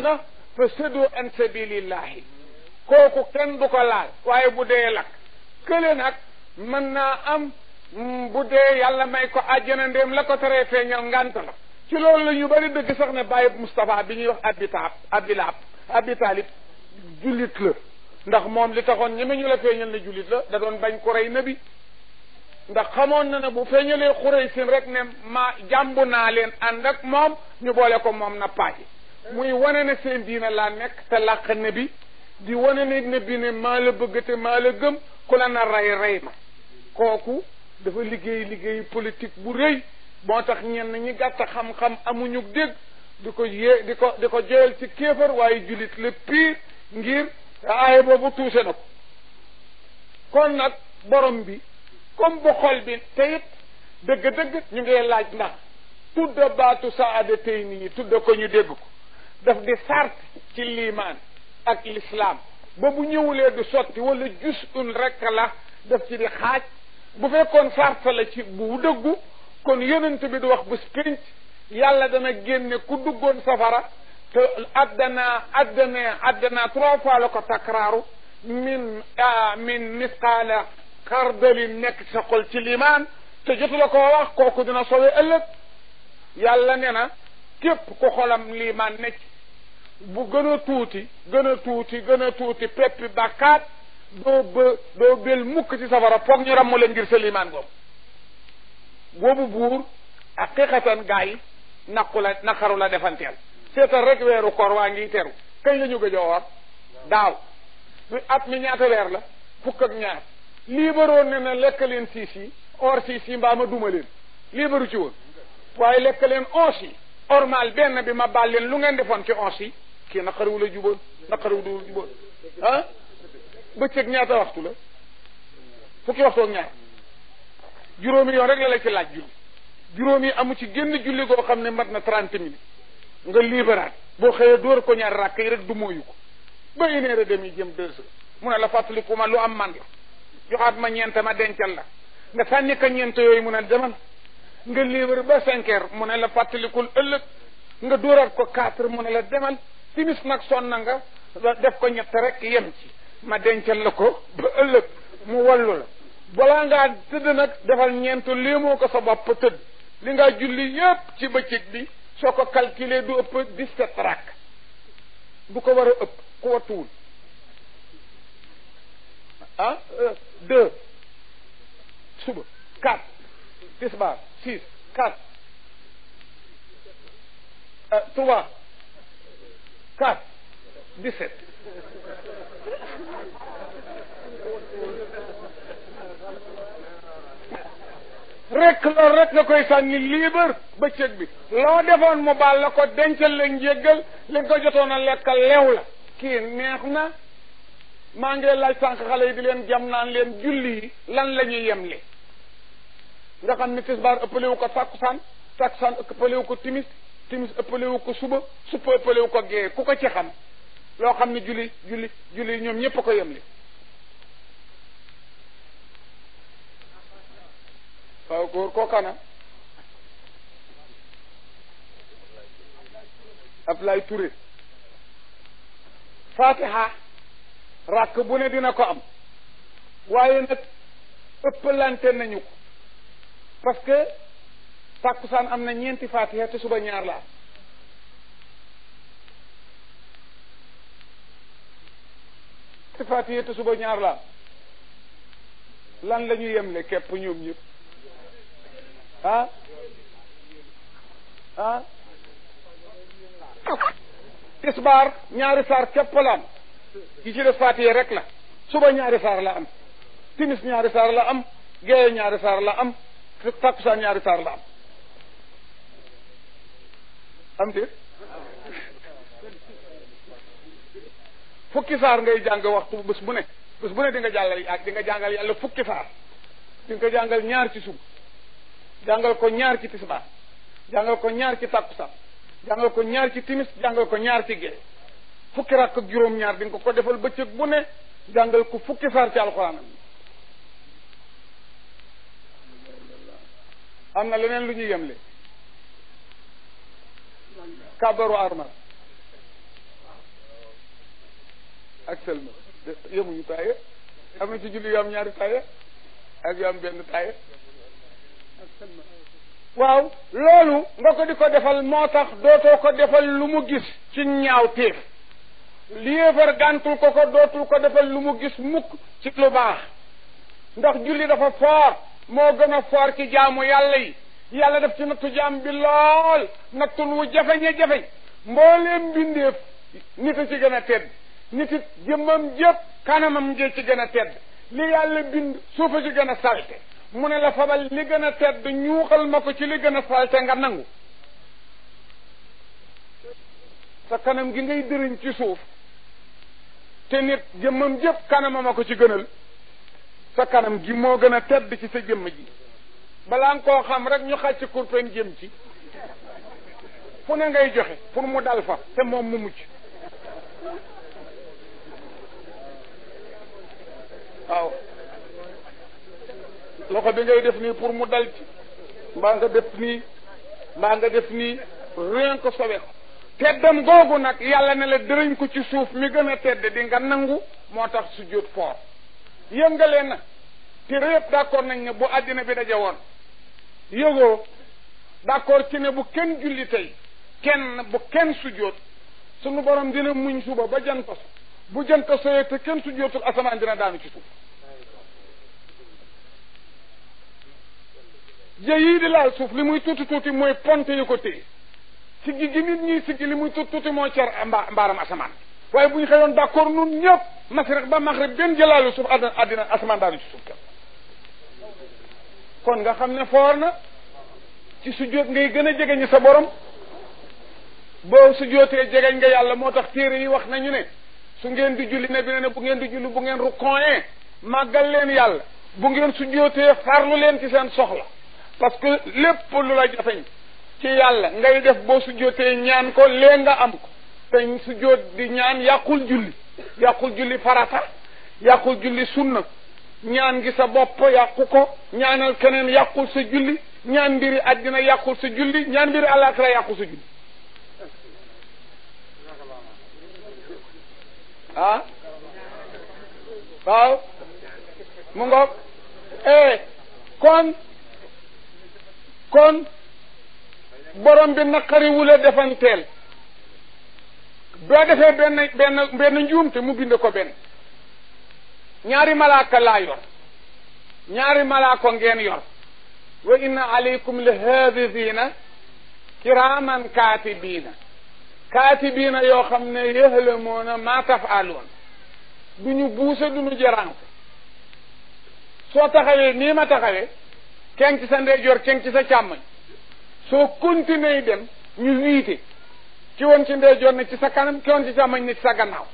nga fa sëddoo an sabilillahi kooku kenn du ko laal waaye bu dee lakk kële nag mën naa am mm, bu dee yàlla may ko àjjana ndéem la ko teree feeñal ngant la ci loolu la ñu bari dëgg sax ne bàyyi Moustapha bi ñuy wax abitaab abilaab abitalib jullit la ndax moom li taxoon ñeme ñu la feeñal ne jullit la da doon bañ ku rey ndax xamoon na ne bu feeñalee xurey sin rek ne ma jàmbu naa leen ànd ak moom ñu boole ko moom na paaji muy wane ne seen diina laa nekk te làq ne bi di wane ne ne bi ne maa la bëgg te maa la gëm ku la na rey rey ma kooku dafa liggéey liggéey politique bu rëy moo tax ñenn ñi gàtt xam-xam amuñu dégg di ko yée di ko di ko joyal ci kéefar waaye jullit le pire ngir aaye boobu tuuse na ko kon nag borom bi comme bu xol bi te it dëgg-dëgg ñu ngi laaj ndax tudda baatu saada tey nit ñi tudda ko ñu dégg ko daf di sart ci liimaan ak lislaam ba bu ñëwulee du sotti wala jusun rek la daf ci di xaaj bu fekkoon sart la ci bu dëggu kon yonent bi du wax bu sprinc yàlla dana génne ku duggoon safara te addana addana addana trois fois la ko takraaru min min misqaala xardalin nekk sa xol ci limaan te jotu la koo wax kooku dina sowe ëllëg yàlla ne na képp ku xolam limaan ne ci bu gën a tuuti gën a tuuti gën a tuuti peppi bàkkaat doo ba doo bel mukk ci safara foog ñu ràmm la ngir sa limaan googu boobu buur ak xeexatan gaa yi naqu la naqaru la defanteel seetal rek weeru koor waa ngi teru kañ la gëj a woor daaw at mi ñaata weer la fukk ak ñaar liibaroon ne na lekk leen siis yi or siis yi mbaa ma duma leen liibaru ci woon waaye lekk leen ons yi ormal benn bi ma baal lu ngeen defoon ci ons yi kii naqarewu la juboon naqarewu la juboon ah bëccëg ñaata waxtu la fukki waxtu ak ñaar juróomi yoon rek la la ci laaj juróom juróomi amu ci génn julli goo xam ne mat na trente minutes nga libéraat boo xëyee door ko ñaar ràkk yi rek du mooyu ko ba une heure et demie jëm deux heures mu ne la fàttaliku ma lu am man la joxaat ma ñeent ma dencal la nga sànni ko ñeent yooyu mu ne demal nga libéré ba cinq heures mu ne la fàttalikul ëllëg nga dóoraat ko quatre mu ne la demal simis nag sonna nga def ko ñett rek yem ci ma dencal la ko ba ëllëg mu wallu la balaa ngaa tëdd nag defal ñeent lii moo ko sa bopp tëdd li ngaa julli yépp ci bëccëg bi soo ko calculer du ëpp dix-sept du ko war a ëpp ku wattuwul ah euh, deux suba quatre tisbaar six quatre euh, trois 4 17 rek la rek nga koy sànni liibar bëccëg bi loo defoon mu baal la ko dencal la njéggal li nga ko jotoon a lekk leew la kii neex na maa ngi laaj sànq xale yi di leen jam naan leen julli yi lan la ñuy yemle nga xam ni tisbaar ëppaliwu ko takkusaan takkusaan ëppaliwu ko timis timis ëppalewu ko suba suppa ëppalewu ko gee ku ko ci xam loo xam ne julli julli julli ñoom ñépp ko yem li waaw góor koo kana Ablaye Touré fatiha ràkk bu ne dina ko am waaye nag ëppalante nañu ko parce que tàkkusaan am na ñeenti fatiha te suba ñaar la am ñeenti fatiha te suba ñaar la am lan la ñu yemle képp ñoom ñëpp ah ah tisbaar ñaari saar képp la am yi ci def fatiha rek la suba ñaari saar la am timis ñaari saar la am gee ñaari saar la am takkusaan ñaari saar la am am déet fukki saar ngay jàng waxtu bés bu ne bés bu ne di nga jàngal ak di nga jàngal yàlla fukki saar di nga jàngal ñaar ci suba jàngal ko ñaar ci tisbaar jàngal ko ñaar ci tàkkusaan jàngal ko ñaar ci timis jàngal ko ñaar ci gee fukki rakk juróom-ñaar di ko ko defal bëccëg bu ne jàngal ko fukki saar ci alxuraanam am na leneen lu ñuy yemle kàbbaru armal ak sëlma yemuñu taaye am ci julli yu ñaari taaye ak yu am benn taaye waaw loolu nga ko di ko defal moo tax dootoo ko defal lu mu gis ci ñaaw téef li yéefar gàntul ko ko dootul ko defal lu mu gis mukk ci lu baax ndax julli dafa foor moo gën a foor ci jaamu yàlla yi yàlla def ci nattu jaam bi lool nattun wu jafeñe jafeñ mbooleem mbindeef nit a ci gën a tedd nit it jëmmam jëpp kanamam jee ci gën a tedd li yàlla bind suufa ci gën a salte mu ne la fabal li gën a tedd ñuuxal ma ko ci li gën a salte nga nangu sa kanam gi ngay dëriñ ci suuf te nit jëmmam jëpp kanamam a ko ci gënal sa kanam gi moo gën a tedd ci sa jëmm ji balaa nga koo xam rek ñu xàcc kurpen jëm ci fu ne ngay joxe pour mu dal fa te moom mu mucc waaw loxo bi ngay def nii pour mu dal ci mbaa nga def nii mbaa nga def nii rien que sowe ko teddam googu nag yàlla ne la dëriñ ko ci suuf mi gën a tedd di nangu moo tax su jóot foor yëngale na te répp d'accord nañ ne bu àddina bi daje woon yëgoo d'accord ci ne bu kenn julli tey kenn bu kenn sujjóot sunu borom dina muñ suba ba jant so bu jën jant soyee te kenn sujjóotul asamaan dina daanu ci suuf jë yii di laal suuf li muy tuuti tuuti mooy ponte yu ko téye siggi gi nit ñi siggi li muy tuuti tuuti mooy cer ah, mba mbaaram asamaan waaye bu xewoon xëyoon d'accord nun ñëpp masriq ba maghrib benn jëlaalu suuf àddina asamaan daanu ci suuf kon nga xamne ne na ci sujjóot ngay gëna a ñu sa borom bo sujjóotee jegeñ nga yalla moo tax téere yi wax nañu ne su ngeen di julli ne bi bu ngeen di julli bu ngeen rukoonee magal leen yalla bu ngeen sujjóotee farlu leen ci seen soxla parce que lepp lu la jafeñ ci yalla ngay def bo sujjóotee ñaan ko lee nga am ko te sujjóot di ñaan yaqul julli yaqul julli farata yaqul julli sunna ñaan gi sa bopp yàqu ko ñaanal keneen yàqul sa julli ñaan mbiri àddina yàqul sa julli ñaan mbiri àllaaxira yàqul sa julli ah waaw mu ngoog eh kon kon borom bi naqariwula defanteel boo defee benn benn benn njuumte mu bind ko benn ñaari malaaka laa yor ñaari malaaka ngeen yor wa inna alaykum la haafizina biina kaatibiina kaatibiina yoo xam ne yëhlamoona maa tafaaloon du ñu buusa du ñu jaraanko soo taxawee nii ma taxawee kenn ci sa ndeyjoor kenn ci sa càmmoñ soo continuer dem ñu wiite ki woon ci ndeyjoor ne ci sa kanam ki woon ci càmmoñ ne ci sa gannaaw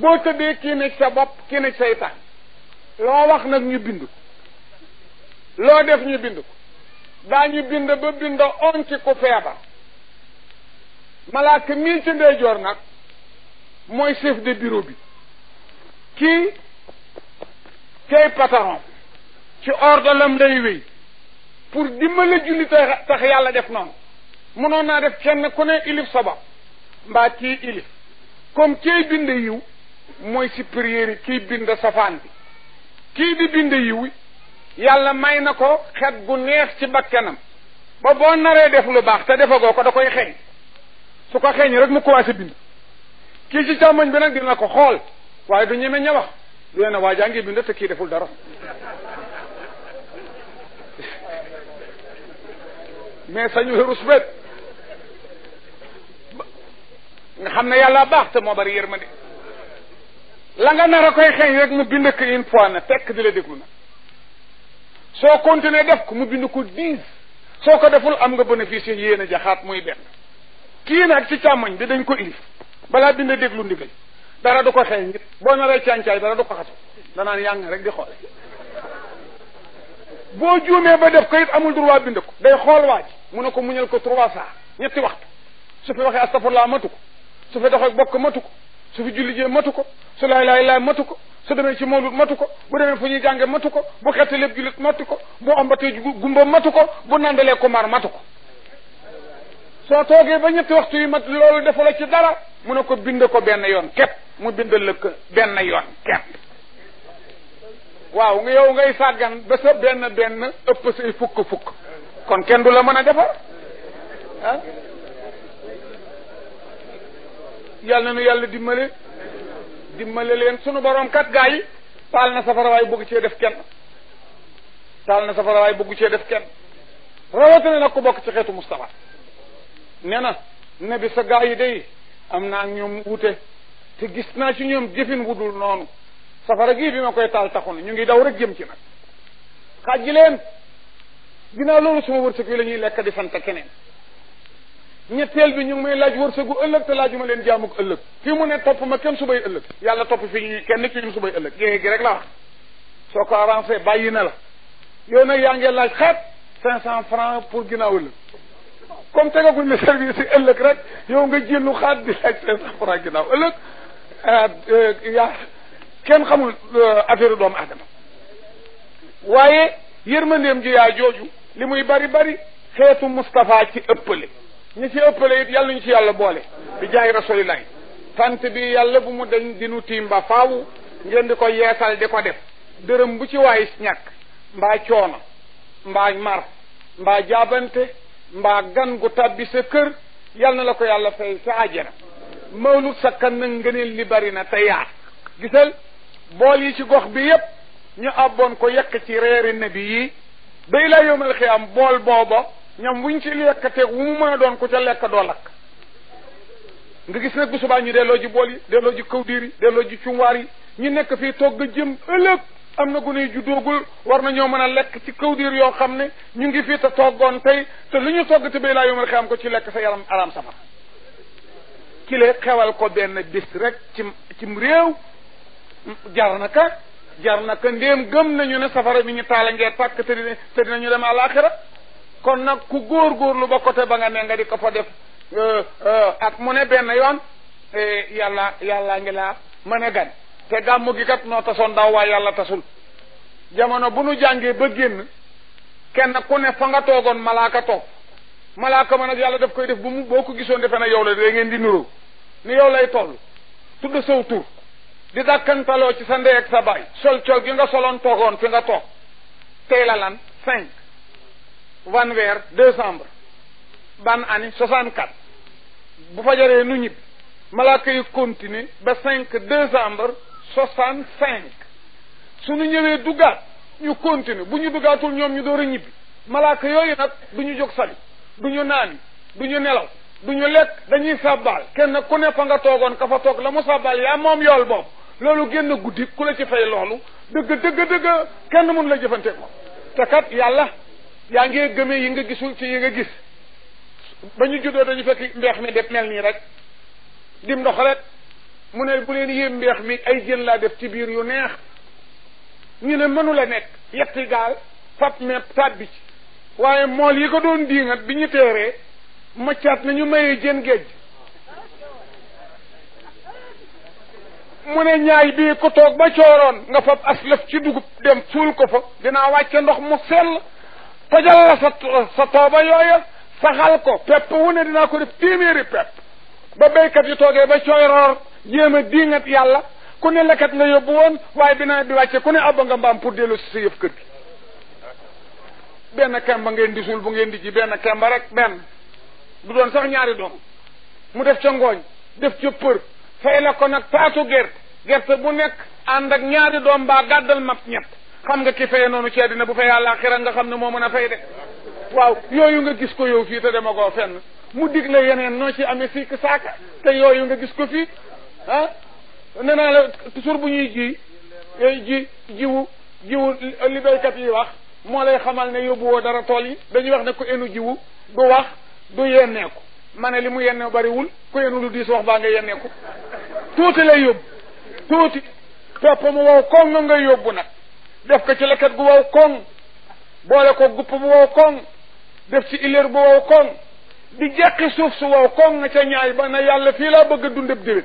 boo tëddee kii nekk sa bopp kii nekk say loo wax nag ñu bind ko loo def ñu bind ko daañu bind ba bind on ci ku feebar malaaka mii ci ndeyjoor nag mooy chef de bureau bi kii kay patron ci ordolam lay wéy pour dimbale julli tax yàlla def noonu mënoon naa def kenn ku ne ilif sabab mbaa kii ilif comme kay bind yiw mooy supérieur yi kiy bind safaan bi kii di bind yiw yàlla may na ko xet gu neex ci bakkanam ba boo naree def lu baax te defagoo ko da koy xeeñ su ko xeeñ rek mu commencé bind kii ci càmmoñ bi gin dina ko xool waaye du ñeme ña wax du ne waajaa ngi bind te kii deful dara mais sañu rus bet nga xam ne yàlla baax te moo bari yërmande la nga nar a koy xeeñ rek mu bind ko une fois na tekk di la déglu na soo continuer def ko mu bind ko dix soo ko deful am nga bénéfice yéen a jaxaat muy benn kii nag ci càmmoñ bi dañ ko ilif balaa bind déglu ndigal dara du ko xeeñ nit boo naree càncaay dara du ko xatu danaan yàng rek di xool boo juumee ba def ko it amul droit bind ko day xool waaj mu ne ko muñal ko trois saa ñetti waxtu su fi waxee astafurlaa matu ko su fi doxee bokk matu ko su fi julli jee matu ko su laay laay laay matu ko su demee ci mawlud matu ko bu demee fu ñuy jànge matu ko bu xette lépp jullit matu ko bu ombatee gumba matu ko bu nandalee kumar matu ko soo toogee ba ñetti waxtu yu mat loolu defa la ci dara mu ne ko bind ko benn yoon képp mu bindal la ko benn yoon képp waaw yow ngay sàggan ba sa benn benn ëpp say fukk fukk kon kenn du la mën a defar ah? yal na nu yàlla dimmale dimbale leen sunu borom kat gaa yi taal na safarawaay waay cee def kenn taal na safarawaay waay cee def kenn rawatina nag ku bokk ci xeetu Moustapha nee na ne sa gaa yi day am naa ñoom wute te gis naa ci ñoom jëfin wudul noonu safara gii bi ma koy taal taxu na ñu ngi daw rek jëm ci nag xaaj ji leen ginnaaw loolu suma wërsëg wi la ñuy lekk di fanta keneen ñettel bi ñu may laaj wërsëgu ëlëk te laajuma leen jaamu ko ëllëg fii mu ne top ma kenn subay ëlëk yàlla top fi ñi kenn ci ñu subay ëlëk génne gi rek la wax soo ko avancé bàyyi na la yow nak yaa ngi laaj xat 500 francs pour ginnaaw ëllëg comme tegaguñ ne service ëlëk rek yow nga jëndu xat di laaj 500 francs ginaaw ëlëk ya kenn xamul affaire doom aadama waye yermandem ji ya joju limuy bari bari xetu mustafa ci ëppale ñi ci ëppale it yàlla ñu ci yàlla boole bi jaay rasulillahi tant bi yàlla bu mu dañ dinu tiim ba faaw ngeen di ko yeesal di ko def dërëm bu ci waay ñàkk mbaa coono mbaa mar mbaa jaabante mbaa gan gu tàbbi sa kër yal na la ko yàlla fay sa àjjana mawlud sakkan nag ngëneel li bari na te yaar gisal bool yi ci gox bi yépp ñu àbboon ko yekk ci reeri nabi yi ba ilaa yawmal xiyaam bool booba ñam wuñ ci lekkatee wu mu mën a doon ku ca lekk doo lakk nga gis nag bu subaa ñi delloo ji bool yi delloo ji kawdiir yi delloo ji cumwaar yi ñu nekk fii togg jëm ëllëg am na gune yu juddoogul war na nañoo mën a lekk ci kawdiir yoo xam ne ñu ngi fii te toggoon tey te lu ñu togg te bay laa yomal xam ko ci lekk sa yaram aram sama kile xewal ko benn bis rek ci cim réew jar na ka jar na ka ndéem gëm nañu ne safara bi ñu taala ngee tàkk te dinañu dem àlaxira kon nag ku góorgóorlu ba côté ba nga ne nga di ko fa def euh, euh, ak mu ne benn yoon eh, yàlla yàlla ngi laa ma ne gan te gàmmu gi kat noo tasoon daaw waaye yàlla tasul jamono bu nu jàngee ba génn kenn ku ne fa nga toogoon malaaka toog malaaka ma nag yàlla def koy def bu mu boo ko gisoo defe na yow la da ngeen di nuroo ni yow lay toll tudd saw di dàkkantaloo ci sa ndey ak sa baay sol col gi nga soloon toogoon fi nga toog tey la lan cinq wanweer décembre ban année 64 bu fajaree nu ñibbi malaaka yu continuer ba 5 décembre cinq su ñu ñëwee duggaat ñu continuer bu ñu duggaatul ñoom ñu door a ñibbi malaaka yooyu nag du ñu jóg sali du ñu naani du ñu nelaw du ñu lekk dañuy sàbbaal kenn ku ne fa nga toogoon ka fa toog la mu sàbbaal yaa moom yool boobu loolu génn guddi ku la ci fay loolu dëgg dëgg dëgg kenn mun la jëfante ko te kat yàlla yaa ngee gëmee yi nga gisul ci yi nga gis ba ñu juddoo dañu fekk mbeex mi def mel nii rek dim ndox rek mu ne bu leen yéem mbeex mi ay jën laa def ci biir yu neex ñu ne mënu la nekk yetti gaal fat meeb taat bi ci waaye mool yi ko doon diingat bi ñu teeree maccaat nañu mayee jën géej mu ne ñaay bii ku toog ba cooroon nga fab aslaf ci dugub dem suul ko fa dinaa wàcce ndox mu sell fajal la sa sa tooba yooya saxal ko pepp wu ne dinaa ko def téeméeri pepp ba béykat yi toogee ba cooy roor jéem a diingat yàlla ku ne lekkat nga yóbbu woon waaye bi nawet bi wàcce ku ne abba nga mbaam pour dellu si sa yëf kër gi benn kemba ngeen di suul bu ngeen di ji benn kemba rek benn du doon sax ñaari doom mu def ca ngooñ def ca për fay la ko nag paatu gerte gerte bu nekk ànd ak ñaari doom mbaa gàddal mab ñett xam nga ki fay noonu ci àddina bu fay àllaaxira nga xam ne moo mën a fay de waaw yooyu nga gis ko yow fii te dama koo fenn mu dig la yeneen noo ci amee fii saaka te yooyu nga gis ko fii ah nee la toujours bu ñuy ji eh, ji jiwu jiwu li yi wax moo lay xamal ne yóbbuwoo dara tool yi dañuy wax ne ku enu jiwu du wax du yenneeku ma ne li mu yenne bariwul ku enu lu diis wax baa nga yenneeku tuuti lay yóbbu tuuti topp mu wow ko nga yóbbu nag def ko ci leket gu wow koŋ boole ko gupp bu wow koŋ def ci ileer bu wow koŋ di jeqi suuf su wow koŋ ca ñaay ba na yàlla fii laa bëgg a dundab déwét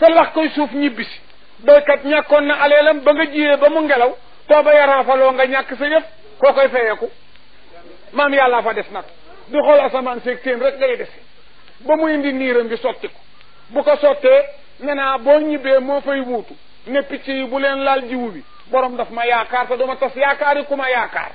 sa lax koy suuf ñibbisi béykat ñàkkoon na aleelam ba nga jiyee ba mu ngelaw too ba yaraafaloo nga ñàkk sa yëf koo koy fayeeku maam yàllaa fa des nag di xool asamaan seeg teen rek ngay dese ba mu indi niiram bi sotti ko bu ko sottee ne boo ñibbee moo fay wuutu ne picc yi bu leen laal jiwu bi borom daf ma yaakaar te dama tas yaakaar yi ku ma yaakaar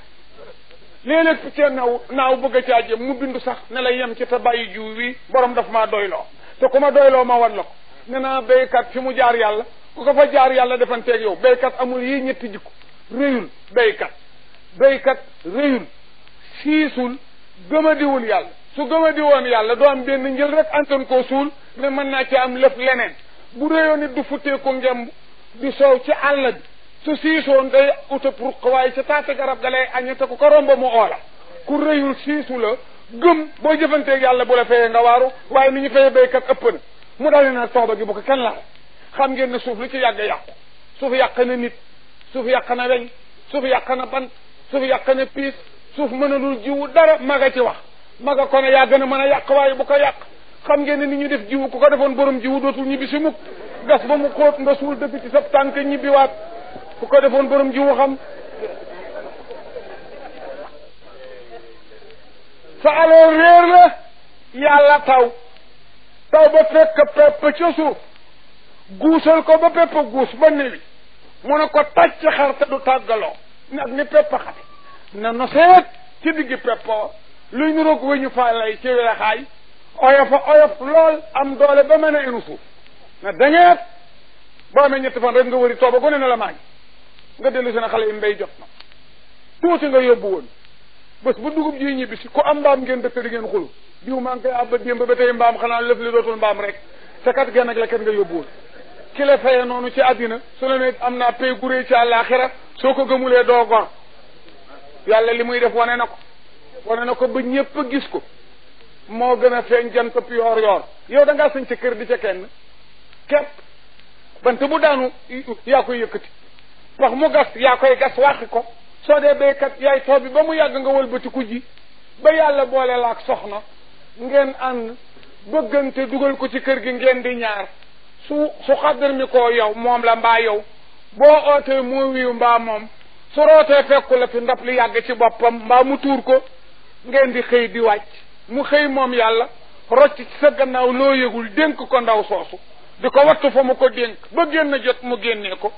léeg-léeg piccee naaw bëgg a caa jëm mu bindu sax ne la yem ci te bàyyi jiw wi borom daf maa doyloo te ku ma doyloo ma wan la ko ne mu jaar yàlla ku ko fa jaar yàlla defanteeg yow béykat amul yii ñetti jikko réyul béykat béykat réyul siisul gëmadiwul yàlla su gëmadi woon yàlla doo am benn njël rek antan koo suul ne mën naa ci am lëf leneen bu réyoon it du futtee ko ngemb di soow ci àll su siisoon day uta pour waaye ca taati garab ga lay añe te ku ko romb mu oola ku rëyul siisu la gëm boo jëfanteeg yàlla bu la fayee nga waaru waaye ni ñu fayee béykat ëpp mu daal na tooba gi bu ko kenn laal xam ngeen ne suuf li ci yàgg yàqu suuf yàq na nit suuf yàq na weñ suuf yàq na ban suuf yàq na piis suuf mënalul jiwu dara maga ci wax maga ko ne yaa na a mën a yàq waaye bu ko yàq xam ngeen ne ni ñu def jiwu ku ko defoon borom jiwu dootul ñibbi si mukk gas ba mu nga suul dëgg ci sa tànk ñibbiwaat bu ko defoon borom jiwu xam sa alal réer la yàlla taw taw ba fekk pepp ca suuf guusal ko ba pepp guus ba newi mu ne ko taj ci xar te du tàggaloo nag ni pepp xate na noseet ci diggi peppoo luy nu roog weñu faa lay ci weexaay oyof a oyof lool am doole ba mën a inu suuf na dangeet boo amee ñetti fan rek nga wëri tooba gone na la maa ngi nga dellu seen xale yi mbéy jot na tuuti nga yóbbu woon bés bu dugub ji ñibbi si ku am mbaam ngeen dëkk di ngeen xulu diw maa ngi koy àbba mbaam xanaa lëf li dootul mbaam rek te kat genn ak la kat nga yóbbu woon ki la faye noonu ci àddina su la ne am naa pay gurée ci àllaaxira soo ko gëmulee doo gor yàlla li muy def wane na ko wane na ko ba ñépp gis ko moo gën a feeñ jant ëpp yoor yoor yow da ngaa sëñ kër di ca kenn képp bant bu daanu yaa pax mu gas yaa koy gas wàq ko soo dee béykat yaay too bi ba mu yàgg nga walbati ku ji ba yàlla boole la ak soxna ngeen ànd bëggante dugal ko ci kër gi ngeen di ñaar su su xaddar mi koo yow moom la mbaa yow boo ootee mu wiyu mbaa moom su rootee fekku la fi ndab li yàgg ci boppam mbaa mu tuur ko ngeen di xëy di wàcc mu xëy moom yàlla rocc ci sa gannaaw loo yëgul dénk ko ndaw soosu di ko wattu fa mu ko dénk ba génn jot mu génnee ko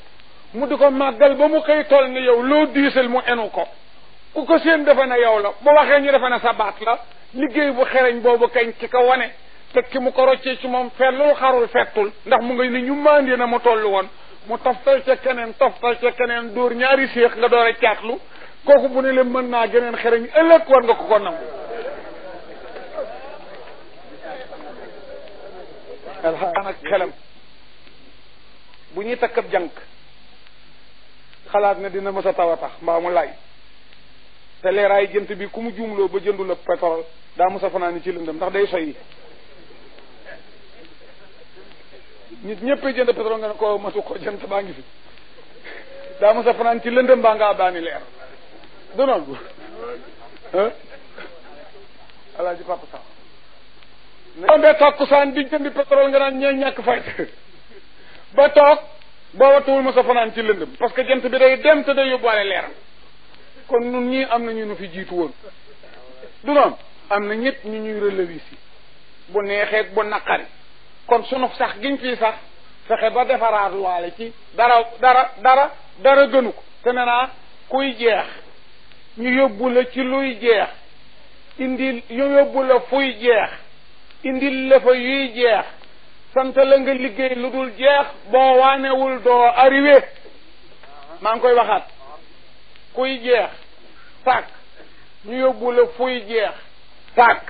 mudiko magal ko màggal ba mu xëy toll ni yow lo diisal mu enu ko ku ko seen defe na yow la bo waxe ñu defe na sa la liggey bu xereñ bobu kañ ci ko wone te ki mu ko roccee ci mom fellul xarul fetul ndax mu ngay ni ñu mandi na mu tollu won mu toftal ci kenen toftal ci kenen dur ñaari sheikh nga doore a koku bu ne le meun na geneen xereñ elek war nga ko ko nangu alhamdulillah ak xelam bu ñuy takk jànk xalaat na dina mës a taw a mbaa mu lay te leeraay jënt bi ku mu juumloo ba jëndul a pétrole daa mës a fanaan ci lëndëm ndax day soy nit ñëpp jënd pétrole nga ne ko matu ko jënd baa ngi fi daa mës a fanaan ci lëndëm baa ngaa daani leer du noonu alaaji papa sax ne tàkkusaan di jëndi pétrole nga naan ñee ñàkk fay ba toog boo wattuwul ma sa fanaan ci lëndëm parce que jant bi day dem te day yóbbuwaale leeram kon nun ñii am na ñu nu fi jiitu woon du noonu am na ñëpp ñu ñuy relever si bu neexee bu naqari kon sunu sax giñ fii sax fexe ba defaraat waale ci dara dara dara dara gënu ko te ne kuy jeex ñu yóbbu la ci luy jeex indi ñu yóbbu la fuy jeex indi la fa yuy jeex sant la nga liggéey lu dul jeex boo waanewul doo arrivé maa ngi koy waxaat kuy jeex sàkk ñu yóbbu la fuy jeex sàkk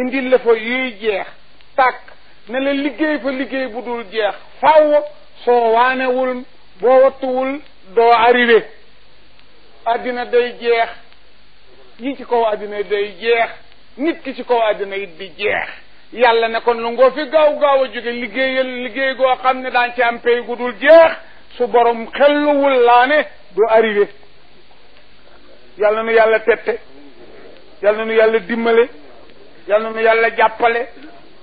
indil la fa yuy jeex sàkk ne la liggéey fa liggéey bu dul jeex fàww soo waanewul boo wattuwul doo arrivé àddina day jeex yi ci kaw àddina day jeex nit ki ci kaw àddina it di jeex yàlla ne kon lu ngoo fi gaaw gaaw a jóge liggéeyal liggéey goo xam ne daan ci am pay gu dul jeex su borom xelluwul laa ne du arrivé yàlla nu yàlla tette yàlla nu yàlla dimmale yàlla nu yàlla jàppale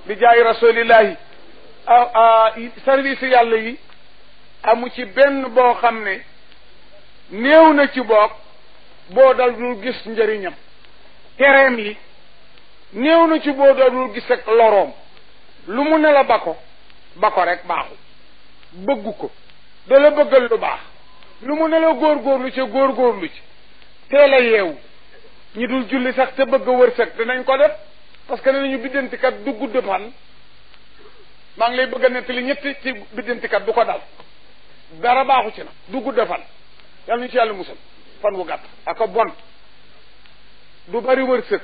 bi jaay rasulillahi service yàlla yi amu ci benn boo xam ne néew na ci boog boo dal dul gis njëriñam tereem yi néew na ci boo doonul gis ak loroom lu mu ne la ba ko ba ko rek baaxul bëggu ko da la bëggal lu baax lu mu ne la góorgóorlu ci góorgóorlu ci teel a yeewu ñi dul julli sax te bëgg a wërsëg dinañ ko def parce que danañu biddantikat du gudd fan maa ngi lay bëgg a nettali ñetti ci biddantikat du ko dal dara baaxu ci na du gudd fan yàlla ñu ci yàlla musal fan wu gàtt ak bon du bari wërsëg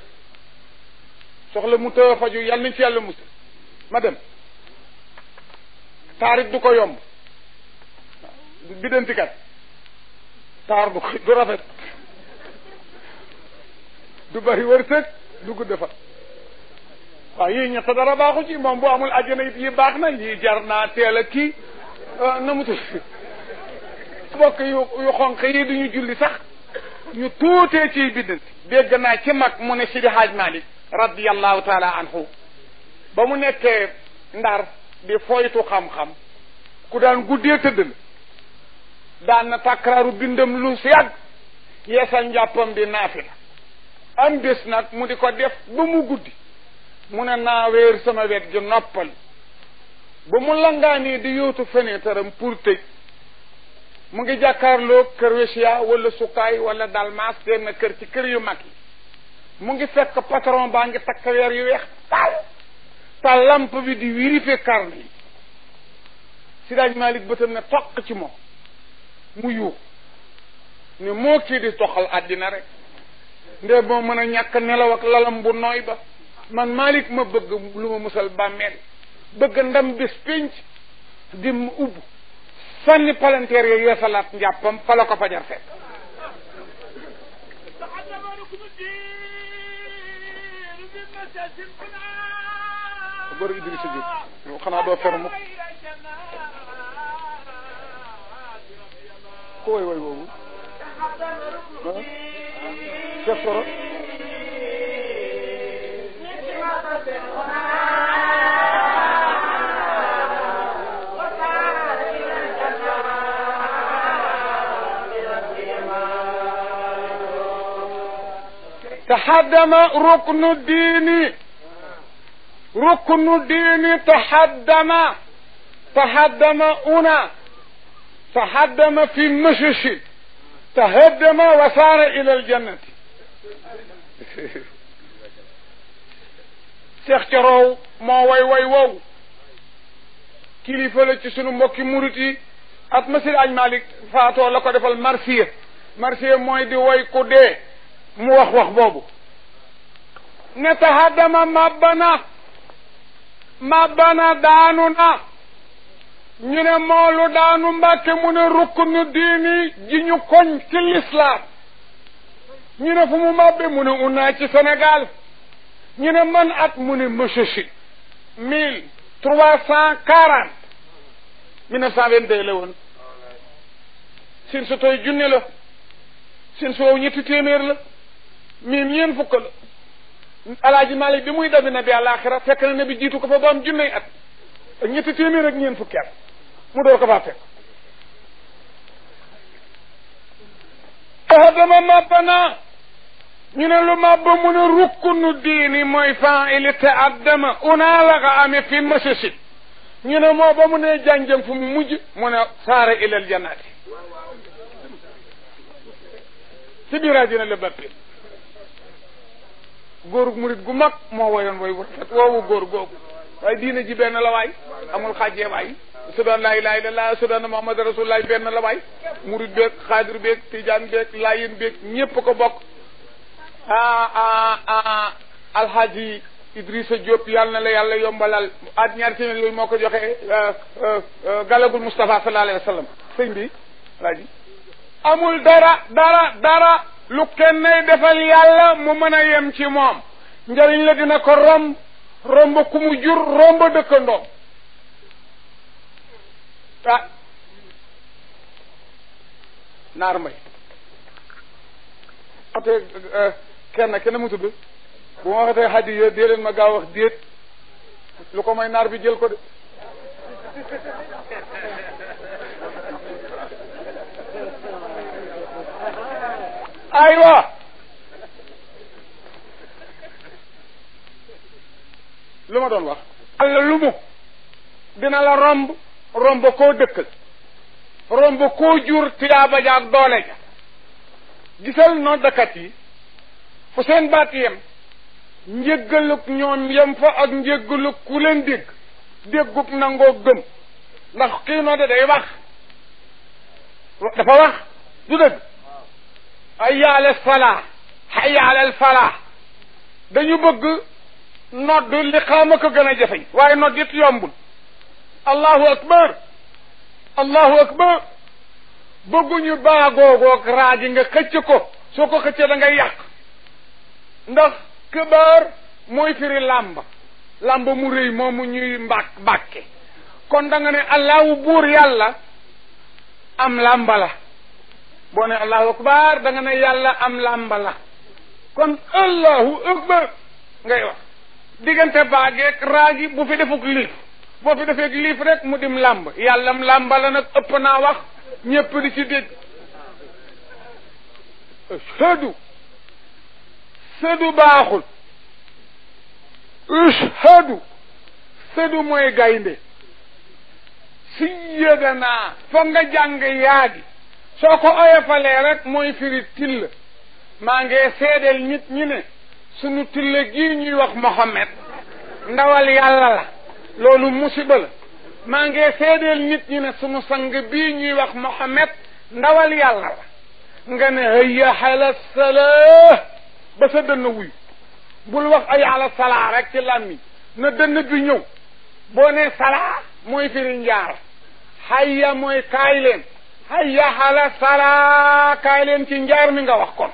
soxla mu tëw a faju yàlla ni ci yàlla musse ma dem taarit du ko yomb kat tar du ko du rafet du bari wërsëg du gudd fa yi ñi ta dara baaxu ci mom bu amul aljana yi baax na yii jar naa teel na mu tudd bokk yu yu xonq yi duñu julli sax ñu tuté ci bidenti begg na ci mak mu ne Sidi Hadj Malick radiyallahu taala anhu ba mu nekkee ndar di foytu xam-xam ku daan guddee tëdd la daan na takraaru bindam lu si yàgg yeesal njàppam di naafila am bés mu di ko def ba mu guddi mu ne naa wéer sama wet gi noppal ba mu langaanee di yóotu fenêtre am pour mu ngi jàkkaarloo kër Wéchia wala Sukaay wala Dalmas seen na kër ci kër yu mag yi mu ngi fekk patron baa ngi takk weer yu weex tal ta lamp bi di vérifier carnet yi Sidaaj Malik bëtam ne toq ci moom mu yuux ne moo kii di toxal àddina rek ndee moo mën a ñàkk nelaw ak lalam bu nooy ba man Malik ma bëgg lu ma musal bàmmeel bëgg ndam bés pénc di mu sànni palanteer yooyu yeesalaat njàppam fa la ko fajar fekk بر ادري سجد وقنا دو فرم كوي وي وي تحدم ركن الدين ركن الدين تحدم تحدم هنا تحدم في مشش تهدم وصار الى الجنة شيخ جرو ما واي واي واو كيليفا لا سي موكي موريتي ات مسير مالك فاتو لاكو ديفال مرسيه مرسيه موي دي واي كو موخ مو واخ واخ بوبو نتهدم مبنا mabana daanu na ñu ne moolu daanu mbàkke mu ne rukkunu diini ji ñu koñ ci lislaam ñu fu mu mabbe mu ne unnaa ci man at mu ne monsieur Sy mille trois cent quarante mille neuf woon sin su tooy junne la sin su wow ñetti téeméer la miin ñeen fukk alaaji Maalik bi muy dabi nabi àlaaxira fekk na nabi jiitu ko fa ba am junney at ñetti téeméer ak ñeent fukki at mu door ko faa fekk ahdama mabbana ñu ne lu mabba mu ne rukkunu diini mooy faili te addama unaa laga ame fi masasit ñu ne moo ba mu ne jànjëm fu mu mujj mu ne saara janaati si biir àddina la bàppil góorug murit gu mag moo wayoon way wu rafet woowu góor googu waaye diina ji benn la waay amul xaajee waay su doon laa ilaaha illallaah su doon Muhammad rasulullaah benn la waay murit beeg xaadir beeg tijaan beeg layin beeg ñépp ko bokk a ah, ah, ah, alhaji Idrissa Diop yal na la yàlla yombalal at ñaar téeméer yooyu moo ko joxe eh, eh, eh, galagul Moustapha sallallahu alayhi wa sallam sëñ bi alaaji amul dara dara dara lu kenn defal yàlla mu mën a yem ci moom njëriñ la dina ko romb romb ku mu jur romb dëkkandoom ah naar mbay waxatee eh, kenn kenn mu tudd bu ma waxatee hadiya dee leen ma gaaw wax déet lu ko may naar bi jël ko de aywa lu ma doon wax yàlla lu mu dina la romb romb koo dëkkal romb koo jur tiyaaba jaag doole ja gisal noddakat yi fu seen baat yem njëggaluk ñoom yem fa ak njëggaluk ku leen dégg déggub nangoo gëm ndax kii nodde day wax dafa wax du dëgg hayya ala salaa hayya ala falaa dañu bëgg nodd li xaama ko gën a jafeñ waaye nodd it yombul allahu akbar allahu akbar bëgguñu baagoogoog raaji nga xëcc ko soo ko xëccee da ngay yàq ndax këbaar mooy firi làmba làmba mu rëy moomu ñuy mbàkk bàkke kon danga nga ne allahu buur yàlla am làmba la boo ne allahu akbar da nga ne yàlla am làmba la kon allahu akbar ngay wax diggante baageeg raagi bu fi defuk liif boo fi defeeg liif rek mu dim làmb yàllam làmba la nag ëpp naa wax ñépp di ci dégg sëdu sëdu baaxul ushadu sëdu mooy gaynde si yëdanaa fa nga jàng yaagi soo ko oyofalee rek mooy firi till maa ngi seedeel nit ñi ne sunu tille gii ñuy wax Mohamed ndawal yàlla la loolu musiba la maa ngi seedeel nit ñi ne sunu sang bii ñuy wax Mohamed ndawal yàlla la nga ne hayya ala salaa ba sa dënn wuyu bul wax ay ala salaa rek ci làmmiñ na dënn bi ñëw boo ne salaa mooy firi njaar hayya mooy kaay leen hayya ala salaa kaay leen ci njaar mi nga wax kon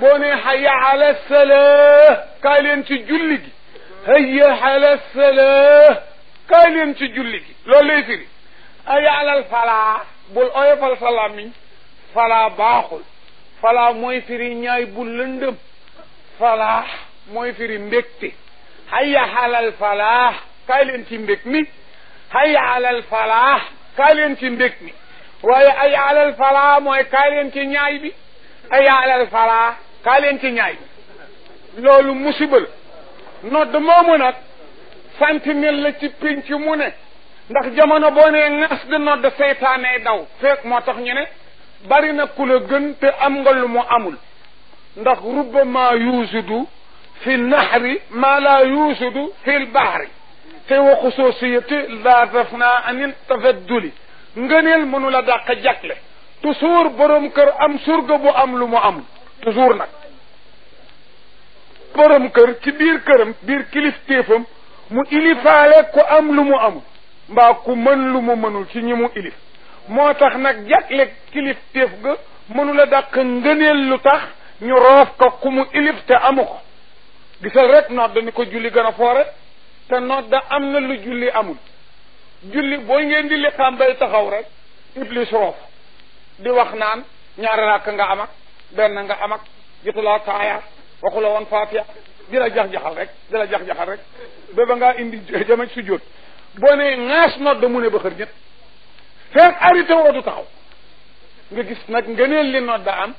boo ne hayya ala salaa ci julli gi hayya ala salaa kaay ci julli gi loolu lay firi hayya ala falaa bul oyofal salaa mi falaa baaxul falaa mooy firi ñaay bu lëndëm falaa mooy firi mbégte hayya alal falaax kaay ci mbég mi hayya alal falaax kaay ci mbég mi waaye ay alal falaa mooy kaay leen ci ñaay bi ay alal falaa kaay leen ci ñaay bi loolu musiba la nodd moomu nag sentinelle la ci pinc mu ne ndax jamono boo nee ngas di nodd seytaanee daw fekk moo tax ñu ne bari na ku la gën te am nga lu mu amul ndax rubbama yuusudu fi nahri ma la yuusudu fi lbahri te wa xusuusiyati la dafna anin tafadduli ngëneel mënula la dàq jagle toujours borom kër am surgo bu am lu mu am toujours nag borom kër ci biir këram biir kilif téefam mu ilifaale ku am lu mu amul mbaa ku mën lu mu mënul ci ñi mu ilif moo tax nag jagle kilif téef ga mënu la dàq ngëneel lu tax ñu roof ko ku mu ilif te amu ko gisal rek noot ni ko julli gën a foore te noot am na lu julli amul julli boo ngeen di liqaam bay taxaw rek iblis roof di wax naan ñaari rakk nga am ak benn nga am ak jotulaa taaya waxula woon faatiya di la jax-jaxal rek di la jax-jaxal rek ngaa indi jëme su jóot boo ne ŋaas nodd mu ne ba xër ñett fekk arrêté wootu taxaw nga gis nag ngëneel li nodda am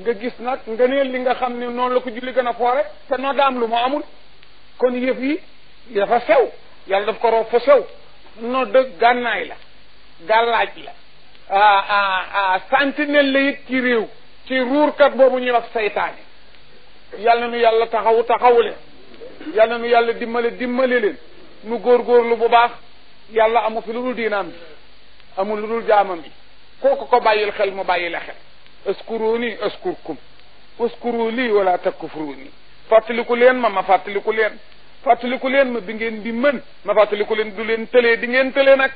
nga gis nag ngëneel li nga xam ne noonu la ko julli gën a foore te nodda am lu mu amul kon yëf yi dafa sew yàlla daf ko roof fa sew nodd gànnaay la gàllaaj la sentinelle la it ci réew ci ruurkat boobu ñuy wax saytaane yàlla na nu yàlla taxawu taxawu leen yal na nu yàlla dimmale dimmale leen nu góorgóorlu bu baax yàlla amu fi lu dul diinaam bi amul lu dul jaamam bi kooku ko bàyyil xel mu bàyyi la xel askuruni askurkum askuru lii wala takufruni fàttaliku leen ma ma fàttaliku leen fàttaliku leen ma bi ngeen di mën ma fàttaliku leen du leen tëlee di ngeen tëlee nag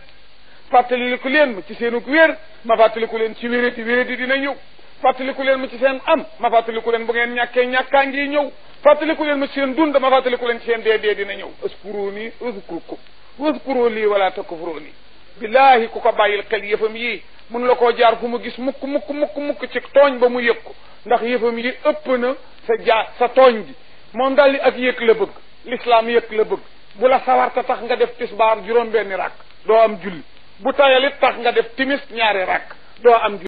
fàttaliku leen ma ci seenug wér ma fàttaliku leen ci wérati wérati dina ñëw fàttaliku leen mu ci seen am ma fàttaliku leen bu ngeen ñàkkee ñàkkaa ngi ñëw fàttaliku leen ma ci seen dund ma fàttaliku leen ci seen dee dee dina ñëw uskuruuni uskurukum waskuru lii wala takfuruuni billaahi ku ko bàyyil xel yëfam yii mun la koo jaar fu mu gis mukk mukk muk mukk ci tooñ ba mu yëg ko ndax yëfam yi ëpp na sa jaar sa tooñ bi moom daal ak yëg la bëgg l'islam yëkk la bëgg bu la sawarte tax nga def tisbaar juróom benni rakk doo am julli bu tayalit tax nga def timis ñaari rakk doo am julli